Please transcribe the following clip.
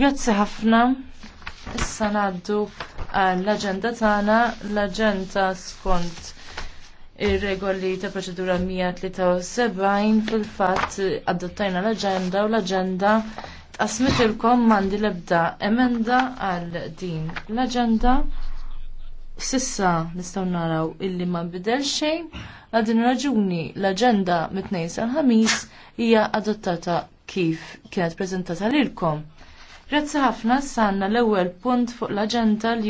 Grazzi ħafna. Issa ngħaddu għall-aġenda tagħna, l-aġenda skont ir-regoli ta' proċedura 173 fil-fatt adottajna l-aġenda u l-aġenda tqasmet ilkom mandi l-ebda emenda għal din l-aġenda. Sissa nistgħu naraw illi ma bidel xejn għal din raġuni l-aġenda mit-tnejn sal-ħamis hija adottata kif kienet preżentata lilkom. Grazzi ħafna s-sanna l-ewel punt fuq l-agenda li